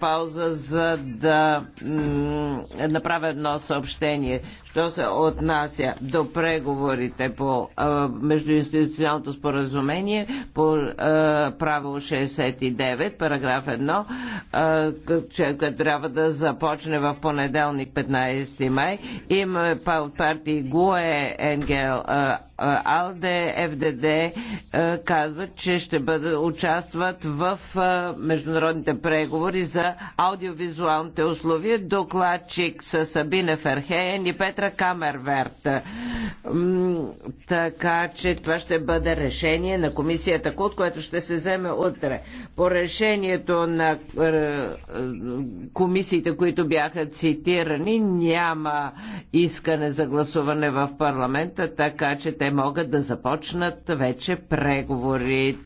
пауза, за да направя едно съобщение, що се отнася до преговорите по а, междуинституционалното споразумение по а, право 69, параграф 1, а, трябва да започне в понеделник 15 май. Има партии ГУЕ, НГЛ, АЛДЕ, ФДД казват, че ще бъдат, участват в международните преговори за аудиовизуалните условия, докладчик с Сабина Ферхеен и Петра Камерверт. Така че това ще бъде решение на комисията КУД, което ще се вземе утре. По решението на е, комисиите, които бяха цитирани, няма искане за гласуване в парламента, така че те могат да започнат вече преговорите.